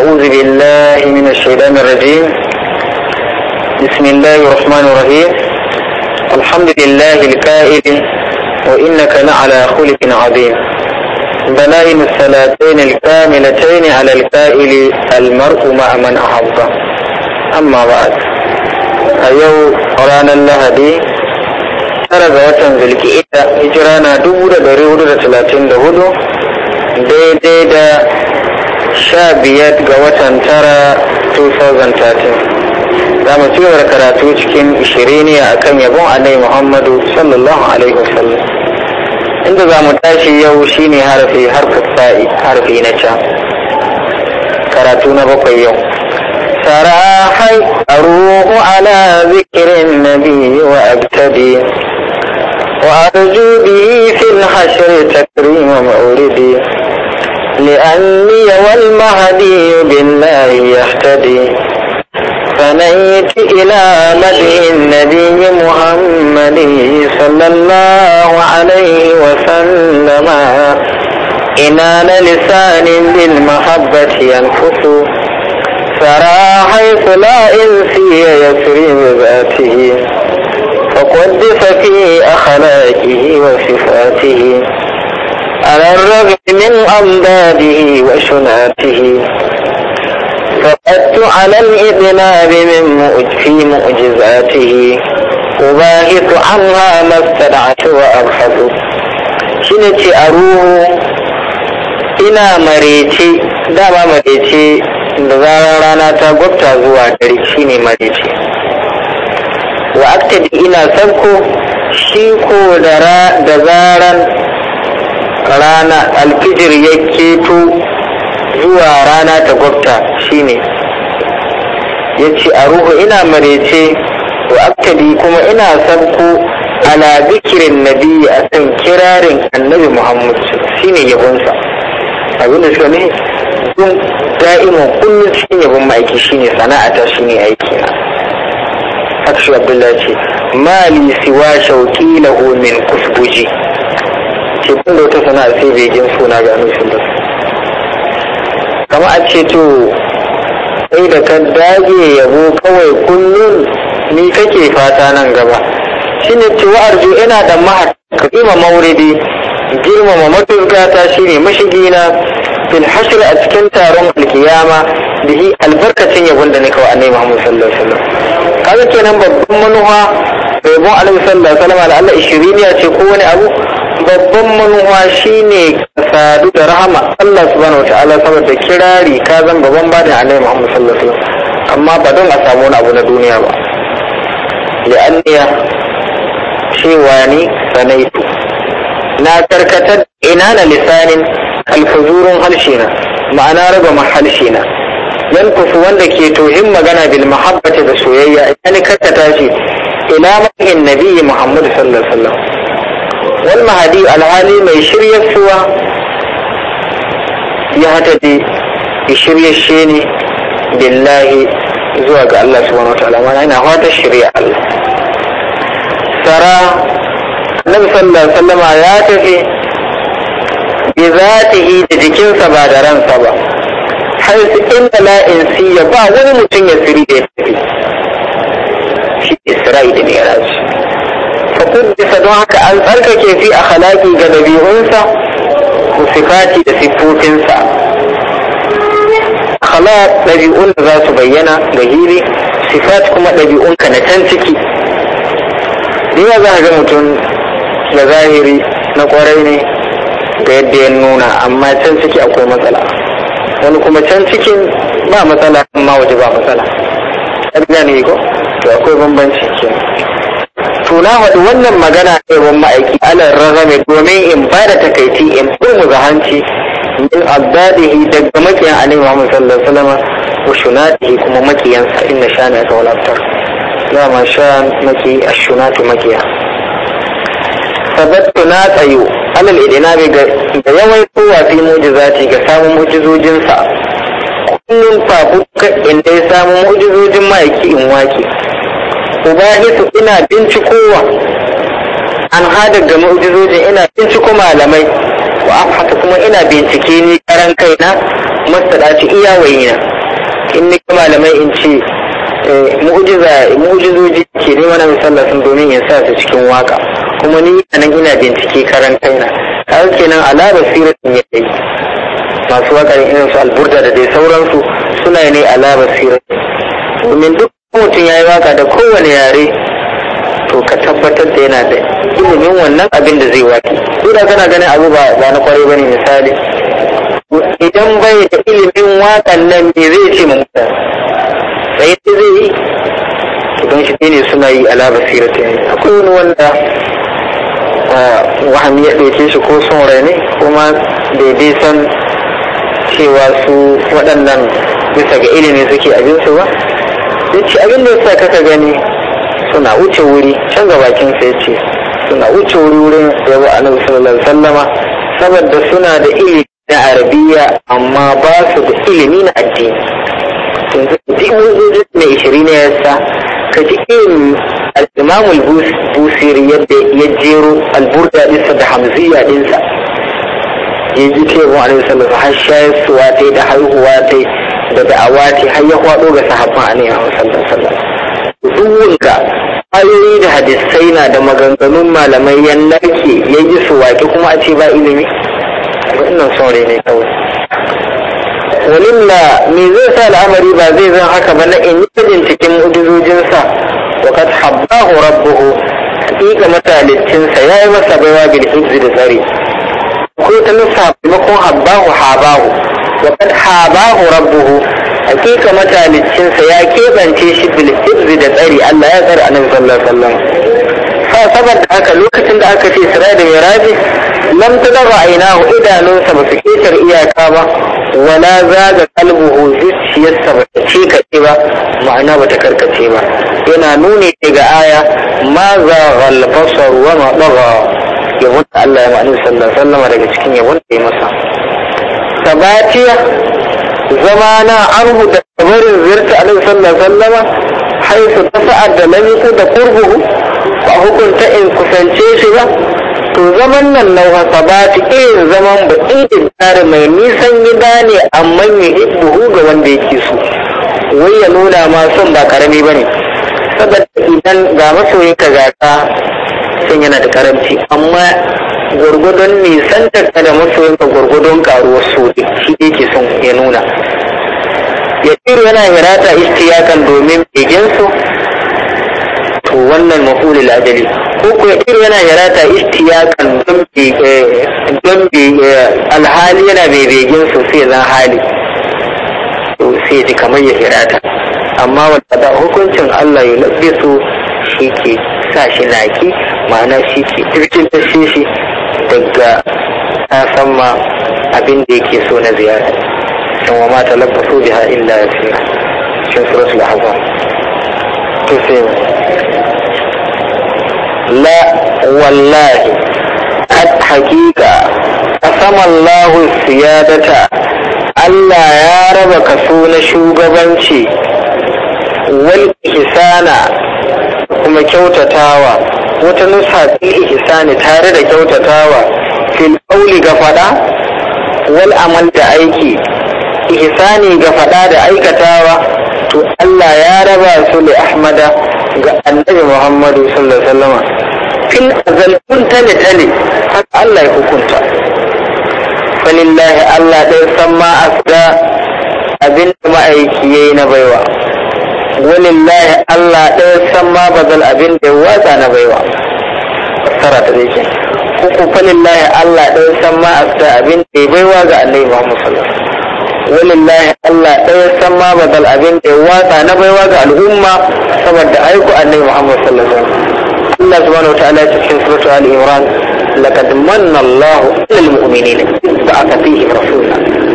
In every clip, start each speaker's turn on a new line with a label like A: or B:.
A: أعوذ بالله من الشيطان الرجيم بسم الله الرحمن الرحيم الحمد لله الكائل وإنك لعلى خلق عظيم بلائم الصلاتين الكاملتين على الكائل المرء مع من أحبه أما بعد أيو قرانا الله دي tara ga watan zulki'ida ثلاثين na 1434 daidai da sha biyar ga watan tara 2013 za mu cewar karatu cikin ishiriniya a kan yabon alai muhammadu sallallahu alaihi wasallam inda za mu tashi yau shine harfi harfin sa'i harfi na can karatu na bakwai yau سراحي أروح على ذكر النبي وأبتدي وأرجو به في الحشر تكريم مولدي لأني والمهدي بالله يهتدي فنيت إلى مدي النبي محمد صلى الله عليه وسلم إنان لسان بالمحبة ينفث فرى حيث لا إنسي يسري بذاته فقدس في أخلاقه وصفاته على الرغم من أمداده وشناته فقدت على الإذناب من في معجزاته أباهث عنها ما استدعت وأبحث شنتي أروه ina marece dama marece da zarar rana ta gwabta zuwa dare shine marece wa aktabi ina sabko shi ko da zaran rana alfijir ya keto zuwa rana ta gwabta shine ya ce a ruhu ina marece wa aktadi kuma ina sabko ala zikirin nabi a kan kirarin annabi muhammad shine yabonsa abinda suka ne sun da'iman kullum cikin yabon ma'aiki shine sana'ata shine aiki na haka abdullahi ce mali siwa shauƙi lahu min kusguji ce sun da wata sana'a sai begin suna ga mai sun kama a ce to sai da ka dage yabo kawai kullum ni kake fata nan gaba ne ce wa'arju ina da mahaka kima mauridi girmama maturkata shine mashigina fil hashir a cikin taron alkiyama bihi albarkacin yabon da nika wa annabi Muhammad sallallahu alaihi wasallam kaga kenan babban manuwa da yabon annabi sallallahu alaihi wasallam da Allah ishiriniya ya ce ko wani abu babban manuwa shine ne sadu da rahama Allah subhanahu Ta'ala saboda kirari ka zan gaban badin annabi Muhammad sallallahu alaihi wasallam amma ba don a samu wani abu na duniya ba li'anniya cewa ni sanaitu na karkatar ina na lisanin alfuzurun halshe na ma'ana raba mahalshe na yan kufu wanda ke tohin magana bil mahabbata da soyayya ina ni karkata shi ila mahin nabiyyi Muhammadu sallallahu alaihi wasallam wal mahadi alhali mai shirya suwa ya hata da shirya shi ne billahi zuwa ga Allah subhanahu wataala mana ina fata shirya Allah sara annabi sallallahu alaihi wasallama ya tafi bi zatihi da jikinsa ba da ransa ba har su inda la insiya ba wani mutum ya siri da ya tafi shi Isra'i da Mi'raj Ka bisa don haka an tsarkake fi a halaki ga dabi'unsa sifati da siffofinsa akhlaq ɗabi'un da za su bayyana ga hili sifat kuma ɗabi'un ka na can ciki da yawa za ga mutum da zahiri na kwarai ne da yadda ya nuna amma can ciki akwai matsala wani kuma can cikin ba matsala amma waje ba matsala ne ko to akwai bambanci kenan wato na faɗi wannan magana ne ban ma'aiki alar rarrame domin in ba da takaici in ga hanci min abdadihi daga makiyan ali Muhammad sallallahu alaihi wasallam wa shunatihi kuma makiyansa inna shani aka walaftar ya ma sha maki ashunatu makiya sabattu na tsayo alal idinabi ga yawai kowa fi mujizati ga samun mujizojinsa kullum buka inda ya samun mujizojin ma'aiki in wake su ina bincikowa an hada ga mu'jizojin ina binciko malamai wa haka kuma ina bincike ni karan kaina iya wayina in ni malamai in ce eh, mu'jizoji ke ne wani na sun domin ya sa su cikin waka kuma ni nan ina bincike karan kaina har kenan ala basiratin ya yi masu waka irin su alburda da dai sauransu suna ne ala basira domin duk mutum ya yi waka da kowane yare to ka tabbatar da yana da ilimin wannan abin da zai waki ko da kana ganin abu ba ba na kwarai ba ne, misali idan bai da ilimin wakan nan ne zai ce mu da sai zai yi to don shi ne suna yi ala basirata ne akwai wani wanda wahami ya ɗauke shi ko son rai ne kuma daidai san cewa su waɗannan bisa ga ilimi suke abinsu ba ya ce abin da yasa kaka gani suna wuce wuri can ga bakin sai ya ce suna wuce wuri wurin rabu annabi sallallahu alaihi sallama saboda suna da ilimi na arabiya amma ba su da ilimi na addini yanzu duk wuzuzin ne ishirin na yasa ka ji irin al-imam busiri yadda ya jero alburda dinsa da hamziya ɗinsa ya ji ce mu alaihi sallallahu har shayar suwa ta da haihuwa ta da da'awa ce har ya kwado ga sahabban annabi sallallahu sallan. wasallam ka. ayoyi da hadisai na da maganganun malamai yan narke ya yi su kuma a ce ba ilimi wannan saurayi ne kawai walilla me zai sa al'amari ba zai zan haka ba na in yi cikin cikin mu'jizojinsa wa kad habbahu rabbuhu hakika matalicinsa ya yi masa baiwa bil hizzi da tsari ko ta nasa maimakon habbahu habahu wa kad habahu rabbuhu hakika matalicinsa ya keɓance shi bil da tsari Allah ya tsare annabi sallallahu alaihi saboda lokacin da aka ce sirra da miraji lam aina ainahu idanunsa ba su ketar iyaka ba wala zaga kalbuhu zuciyarsa ba ta ce ba ma'ana ba ta karkace ba yana nuni ga aya ma za ghalbasar wa ma daga yabon Allah ya ma'anin sallallahu alaihi daga cikin yabon ya masa gabatiya zama na an huta barin ziyarta a nan sallama haifu ta sa'ad da namiku da kurbuhu ba hukunta in kusance shi ba to zaman nan na hasabati irin zaman ba irin tsari mai nisan gida ne amma ya ibuhu ga wanda yake so wai ya nuna ma son ba karami ba ne saboda idan ga masoyinka gasa sun yana da karamci amma gwargwadon nisan ka da masoyinka gwargwadon karuwar so shi ne ke son ya nuna ya tiro yana hirata istiyakan domin begensu to wannan mafulul ajali ko kuma ya tiro yana hirata istiyakan don eh, eh, alhali yana mai su sai zan hali to sai ji kamar ya hirata amma wanda da hukuncin Allah ya labbe su shi ke sa shi naki ma'ana shi ke turkin tashe shi daga na san ma abin da yake so na ziyara in wa ma talabbasu biha illa ya fi cikin suratul ahzab to sai la wallahi at haqiqa asama Allah siyadata Allah ya raba kaso na shugabanci wal ihsana kuma kyautatawa wata nusa fi ihsani tare da kyautatawa fil qawli ga fada wal amal da aiki ihsani ga fada da aikatawa to Allah ya raba su li Ahmada ga Annabi Muhammadu sallallahu alaihi fil azal tale tale haka Allah ya hukunta falillahi Allah dai san ma asda abin da ma'aiki yayi na baiwa walillahi Allah ɗaya san ma bazal abin da watsa na baiwa fassara ta zai ko ku falillahi Allah ɗaya san ma asta abin da baiwa ga Allah Muhammad sallallahu walillahi Allah ɗaya san ma bazal abin da watsa na baiwa ga al'umma saboda aiko Allah Muhammad sallallahu alaihi wasallam Allah subhanahu wa ta'ala cikin suratul al-imran laqad manna Allahu lil mu'minina ba'atha fihim rasulan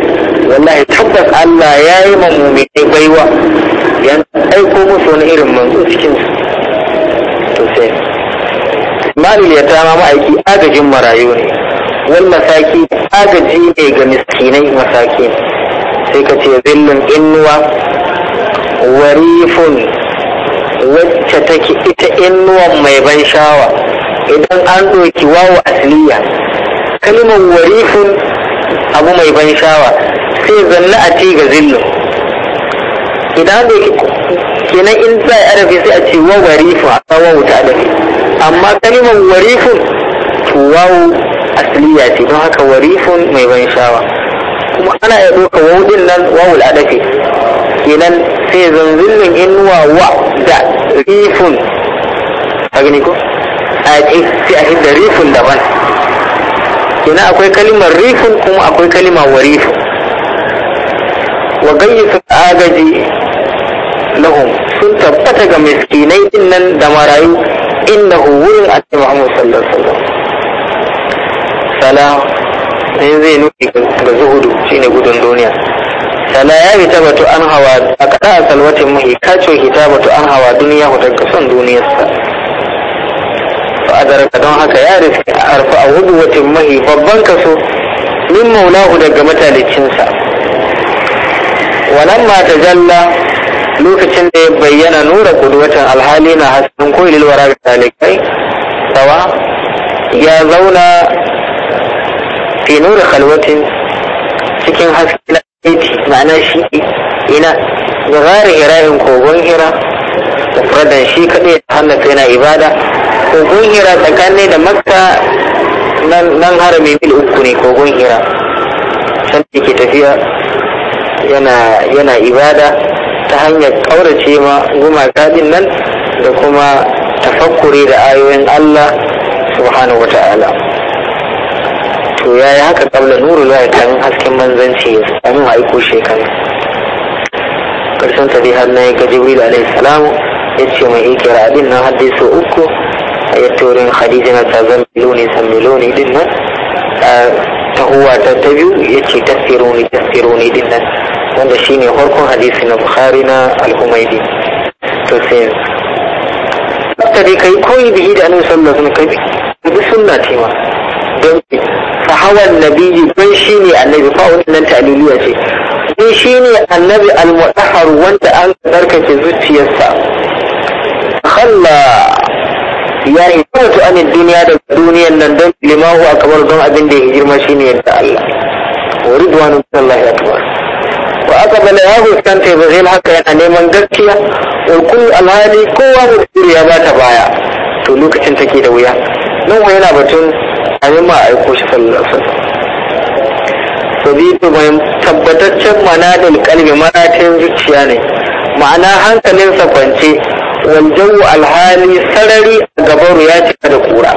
A: wallahi tabbas Allah ya yi mamumine baiwa ya aiko musu wani irin manzo cikin to sai malil ya tama ma'aiki agajin marayu ne wal masaki agaji ne ga miskinai masaki sai ka ce zillin innuwa warifun wacce take ita innuwan mai ban shawa idan an ɗauki wawa asliya kalimar warifun abu mai ban shawa sai zanna a ci ga zillu idan da kenan in za a arabi sai a ce wa warifu a wawu wuta adafi amma kalimar warifun to wawu asliya ce don haka warifun mai ban shawa kuma ana iya ɗauka din nan wawul adafi kenan sai zanzillin in wa da rifun a gani ko a sai a hidda rifun daban kenan akwai kalimar rifin kuma akwai kalima warif wa gayyata agaji lahum sun tabbata ga miskinai din nan da marayu inda wurin annabi Muhammad sallallahu alaihi wasallam sala ne zai nufi ga zuhudu shine gudun duniya sala ya hitabatu an hawa a kada salwatin muhi kacho hitabatu an hawa duniya hutar son duniyarsa A daraka don haka ya a arfa a hudu watan mahi babban kaso min maulahu daga matalicinsa wannan ma jalla lokacin da ya bayyana nura kuduwatan alhali na hasken koyi lilwa ga talikai sawa ya zauna fi nura kalwatin cikin haske na aiki ma'ana shi ina da zara hira'in kogon hira da shi kaɗai da hannafa yana ibada kogon hira tsakanin da makka nan harami mil uku ne kogon hira can da ke tafiya yana ibada ta hanyar ƙaurace ma gumaka din nan da kuma tafakkure da ayoyin Allah subhanahu wa ta'ala to ya yi haka ƙabla nuru ya kan hasken manzanci ya sami a aiko shekara ƙarshen ta har na ya jibril alaihi salamu ya ce mai ikira abin nan har so uku يتورين خديجنا تزملوني سملوني دينا تهوى آه، تتجو يتي تثيروني تسيروني دينا وانا شيني هوركو حديثنا بخارنا الهميدي تسين مبتدي كي كوي بهيد أنو سنة سنة كي بسنة تيما فهو النبي من شيني النبي فاوت ننتع لليو أجي من شيني النبي المؤتحر وانت أنت بركة زوتي يسا خلا ya hikimatu anin duniya da duniyan nan don limahu a kamar don abin da ya girma shi ne yadda Allah wa ridwanu Allah ya tuwa wa aka bala ya fuskanta zai haka yana neman gaskiya wa alhali kowa mutsiri ya ba ta baya to lokacin take da wuya nan wa yana batun a yi ma aiko shi sallallahu alaihi wasallam sabitu mai tabbataccen manadin kalbi maratin zuciya ne ma'ana hankalinsa kwance waljau alhali sarari a gaban ya cika da kura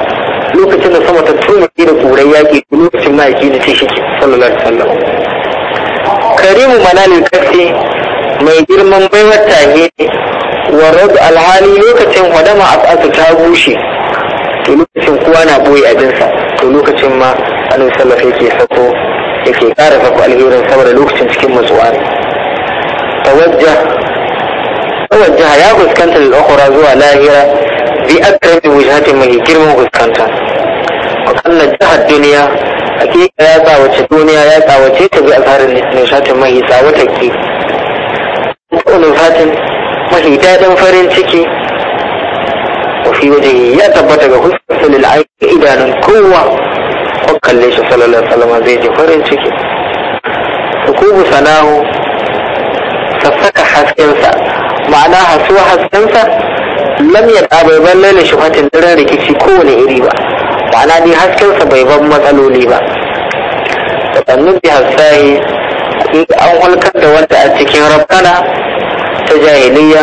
A: lokacin da sama ta tuma da kura yaƙi lokacin ke da ce shi sallallahu alaihi wasallam karimu manalin kafi mai girman baiwar tage warad alhali lokacin hadama as'atu ta bushe to lokacin kowa na boye abinsa to lokacin ma annabi sallallahu alaihi yake sako yake kara sako alherin saboda lokacin cikin matsuwa ne tawajjah وجهها يا قسكنت للأخرى زوى لاهرة بأكثر من وجهة من كلمة قسكنت وقال نجح الدنيا أكيد لا تعوش الدنيا لا تعوش بأظهر النشاة ما هي ساوتك تقول الفاتن ما هي داد فرن تكي وفي وجهه يتبتك خصوص للعين إدان القوة وقال ليش صلى الله عليه وسلم زيد فرن تكي فكوب سناه سفك حسكين سأل ma'ana hasuwa haskensa lam ya bai ban laila shuhatin daren rikici kowane iri ba ma'ana ni haskensa bai ban matsaloli ba da sannu bi an hulkar da wata a cikin rabkana ta jahiliya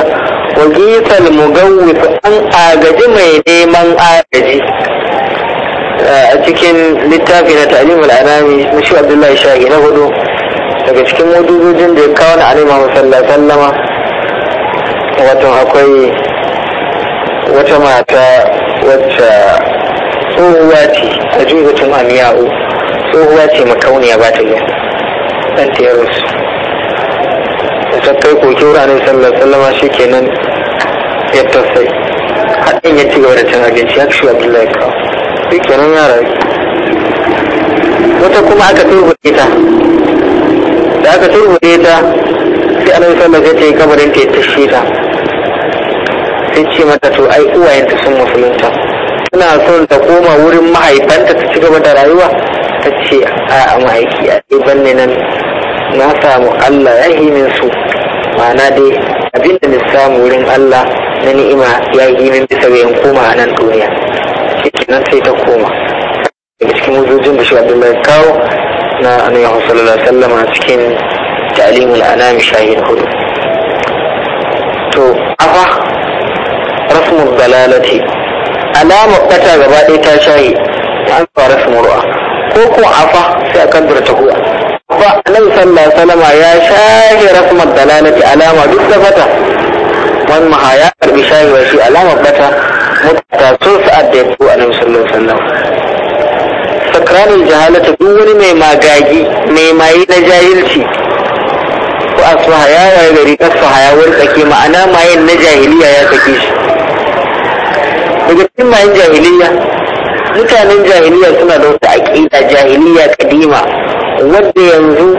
A: wa gisal mugawwif an agaji mai neman agaji a cikin littafi na ta'limul anami na shi abdullahi shahi na hudu daga cikin wudujojin da ya kawo na alima watan akwai wata mata wacce tsohuwa ce a juhutun amiyahu tsohuwa ce makauniya ba ta yi ɗan ta yarusu da ta kai koke wuranin sallar sallama shi kenan ya tasai haɗin ya ci gaba da cin abinci ya kashe abdullahi kawo shi kenan yara wata kuma aka turbuɗe ta da aka turbuɗe ta sai anan sallar ya ce kabarin ta ya tashe ta sun ce mata to ai uwayenta sun musulunta Tana son ta koma wurin mahaifanta ta ci gaba da rayuwa ta ce a ma'aiki a ɗiban ne nan na samu Allah ya yi min su ma'ana dai abinda na samu wurin Allah na ni'ima ya yi min bisa wayan koma a nan duniya nan sai ta koma daga cikin wuzojin da shi Abdullahi kawo na annabi sallallahu alaihi wasallam cikin ta'limul anam shahin hudu to alamun dalalati alamar bata gaba ɗaya ta shayi an fara sumurwa ko kuma afa sai a kaddara ta huwa ba annabi sallallahu alaihi wasallam ya shahi rasmar dalalati alama duk da bata man maha ya karbi shahi wa shi alama bata mutata sun sa'ad da ya ko annabi sallallahu alaihi wasallam sakranin jahalata duk wani mai magagi mai mayi na jahilci ko asbaha ya waye gari kasfa ya wartsake ma'ana mayin na jahiliya ya sake shi daga cikin mayan jahiliya mutanen jahiliya suna da wata aƙida jahiliya kadima wadda yanzu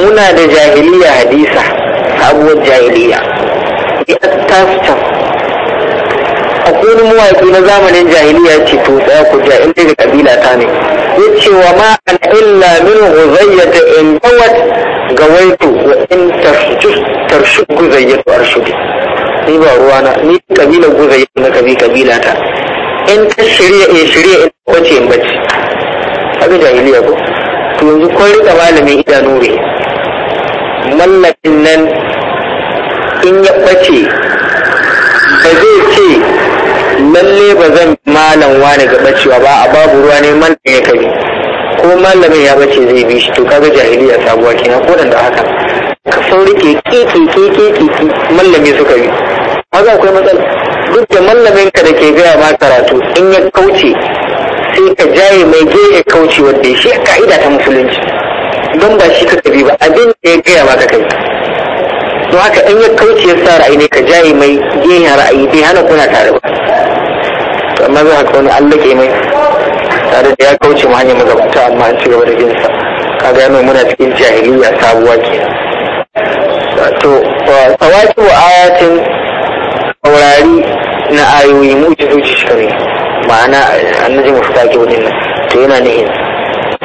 A: muna da jahiliya hadisa sabuwar jahiliya ita tastan akwai mawaƙi na zamanin jahiliya ce to tsaya ku ja in daga kabila ta ne ya ce wa ma an illa min huzayyata in gawaitu wa in tarshuk guzayyatu arshudi ni ba ruwa na ni kabila guza yi na kabi kabila ta in ta shirya in shirya in kwace in bacci abin jahiliya ko to yanzu ko rika malamin idanu ne mallakin nan in ya bace ba zai ce lalle ba zan malam wani ga bacewa ba a babu ruwa ne man ya kabi ko malamin ya bace zai bi shi to kaga jahiliya sabuwa kenan ko da haka ka sauri ke ke ke ke ke mallami suka yi kaga akwai matsala duk da mallamin ka da ke gaya ma karatu in ya kauce sai ka jaye mai je ya kauce wanda shi ka'ida ta musulunci don ba shi ka kabi ba abin da ya gaya ma ka kai don haka in ya kauce ya sa ra'ayi ne ka jaye mai ya ra'ayi bai hana kuna tare ba to amma za haka wani Allah ke mai tare da ya kauce mu hanyar magabata amma an ci gaba da ginsa ka gano muna cikin jahiliya sabuwa ke to tawaki wa ayatin saurari na ayoyi mujizoji shari'a ma'ana annabi mafaki wajen nan to yana nihin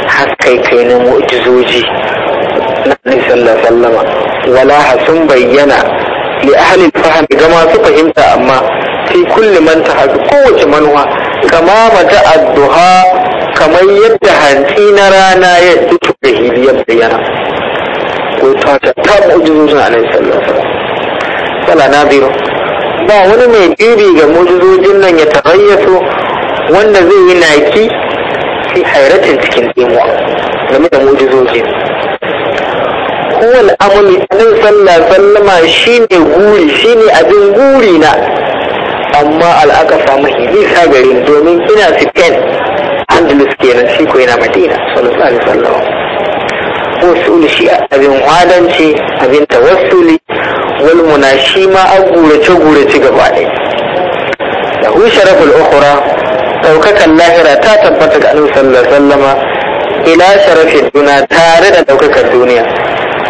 A: hakai kai na mujizoji na annabi sallallahu sallama wala sun bayyana li ahalin fahimta ga masu fahimta amma fi kulli man ta kowace manuwa kama mata adduha kamar yadda hantsi na rana ya fito da hiliyar bayyana ko ta ta mujizojin annabi sallallahu alaihi wasallam fala nadiru ba wani mai ƙiri ga mujizojin nan ya tabayyato wanda zai yi naki fi hairatin cikin ɗimuwa game da mujizojin kowane amuli ɗin sallah sallama shi ne guri shi ne abin guri na amma al'akafa mahi nisa garin domin ina spain andalus kenan shi ko yana madina sallallahu alaihi wasallam wasu shi abin wadanci abin tawassuli wal shi ma a gurace gurace gaba ɗaya lahu sharaful ukhra daukakan lahira ta tabbata ga annabi sallallahu sallama. ila sharafin duna tare da daukakar duniya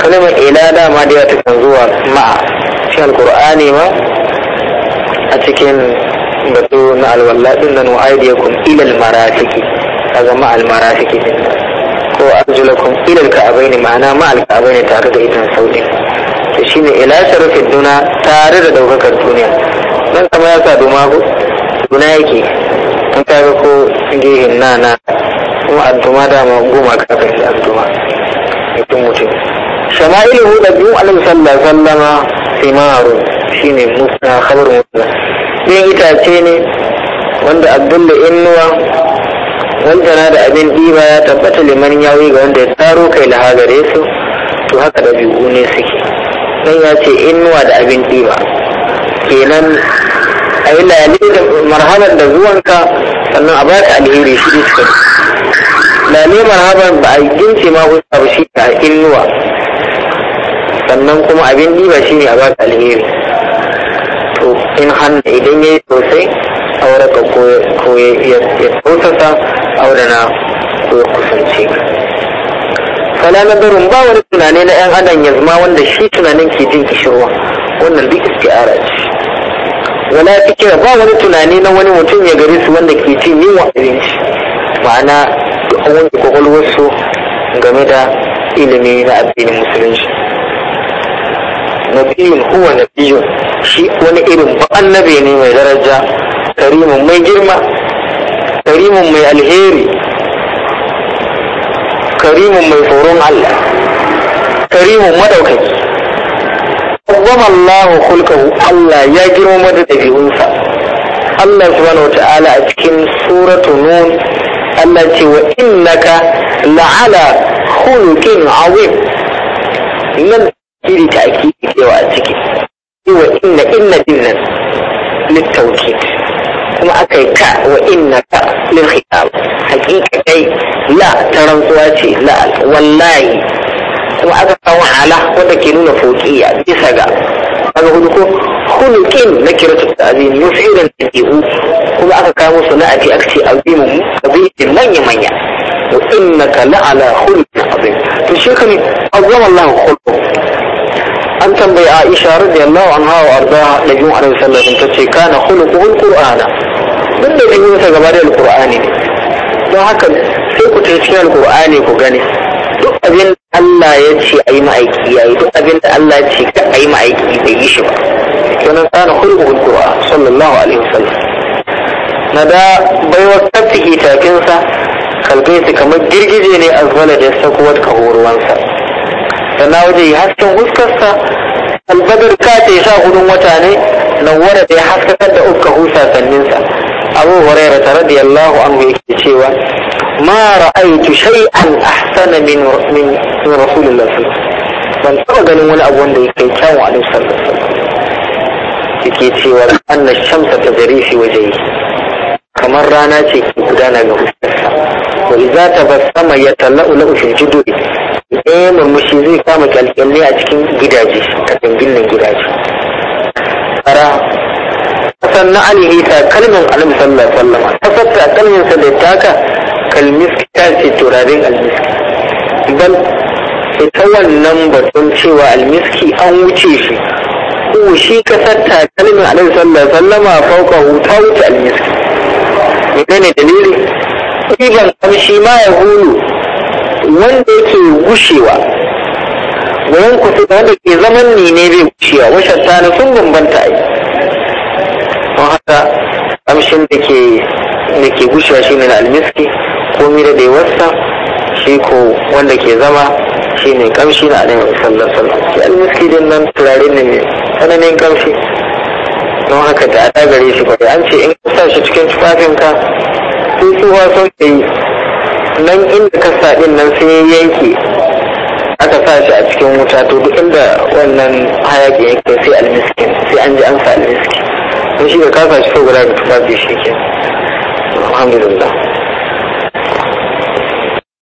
A: kalmar ila dama da ta kan zuwa ma fi alqur'ani ma a cikin batu na alwala din nan wa aydiyakum ila almarafiqi kaga ma almarafiqi ko arjulakum ila alka'abaini ma'ana ma alka'abaini tare da idan saudin ta ne ila sarrafa duna tare da daukakar duniya don kama ya sa duma ku duna yake an kaga ko gehin na na kuma adduma dama goma kafin kashi adduma mutum mutum shama'ilu da biyu alaihi sallallahu sallama simaru shine musa khabar musa ɗin itace ne wanda abdulla innuwa wanda da abin ɗiba ya tabbata liman yawi ga wanda ya taro kai lahagare su to haka da biyu ne suke Dan ya ce inuwa da abin ɗiba kenan a yi lale da marhaban da zuwanka sannan a baka alheri shi da suka lale marhaban ba a gince ma wasu abu shi ka inuwa sannan kuma abin ɗiba shi ne a baka alheri to in hannu idan ya yi sosai aure ka ko ya tausasa aure na ko kusance ka fala nadarun ba wani tunani na yan adam yanzu ma wanda shi tunanin ke jin kishirwa wannan duk isti'ara ce wala fikira ba wani tunani na wani mutum ya gare su wanda ke cin yin abinci ma'ana an wanke kwakwalwarsu game da ilimi na addinin musulunci nabiyin huwa nabiyun shi wani irin ba annabi ne mai daraja karimin mai girma karimin mai alheri كريم من فروم الله كريم مدوكي أوكي الله خلقه الله يجرم من أجيونسا الله سبحانه وتعالى أتكين سورة نون التي وإنك لعلى خلق عظيم من تأكيد تأكيد وأتكين وإن إن دينا للتوكيد kuma aka yi ka wa inna ka lil khitab hakika kai la ta rantsuwa ce la wallahi kuma aka kawo ala wanda ke nuna fokiya bisa ga kaga hudu ko hulukin na kiratu ta'zim da tabi'u kuma aka kawo musu la'ati aka ce azimu tabi'in manya manya wa ka innaka la'ala hulukin azim to shi kan azama Allah khulqu an tambayi Aisha radiyallahu an wa ardaha da Jum'ar sallallahu alaihi wasallam tace kana khuluquhu al-Qur'ana duk da jihinsa gaba da alkur'ani don haka sai ku tafi cikin alkur'ani ku gani. duk abin da Allah ya ce a yi ma'aiki ya yi duk abin da Allah ya ce ka a yi ma'aiki bai yi shi ba kenan tsara hulhul qur'an sallallahu alaihi wasallam na da baiwar tafihi tafinsa kalbe su kamar girgije ne a zuwa da sako wata kahoruwansa sannan waje yi hasken huskarsa albadar ka ta yi sa hudun wata ne nan wanda ya haskakar da uka husa sanninsa abu hurairah radiyallahu anhu yake cewa ma ra'aytu shay'an ahsana min min min rasulillah ban taba ganin wani abu wanda ya kai kyawun alaihi sallallahu alaihi wasallam yake cewa anna shamsa tajri fi wajhihi kamar rana ce ke gudana ga fuskarsa wa idza tabassama yatala'u fi jiduri eh murmushi zai kama kyalkyalle a cikin gidaje a dangin gidaje Kara. sanna an yi sa kalmin alim sallallahu alaihi wasallam fasatta kalmin sa da taka kalmiski ta ce turaren almiski bal ita wannan batun cewa almiski an wuce shi ko shi kasatta kalmin alim sallallahu alaihi wasallam fauka ta wuce almiski menene dalili ibn kamshi ma ya hulu wanda yake gushewa wurin kusa da wanda ke zaman ne ne bai gushewa washatta na sun bambanta a yi. don haka amshin da ke da ke gushewa shine na almiski ko mira da wasa, shi ko wanda ke zama shine kamshi na alaihi sallallahu alaihi wasallam shi almiski din nan turare ne mai tsananin kamshi don haka da a gare shi kwarai an ce in ka sa shi cikin tufafinka sai su sau ke yi nan inda ka sa din nan sai yanke aka sa shi a cikin wuta to duk inda wannan hayaki yake sai almiskin sai an ji an sa almiskin sun da ka kasa shi ko da ka tafi shi ke alhamdulillah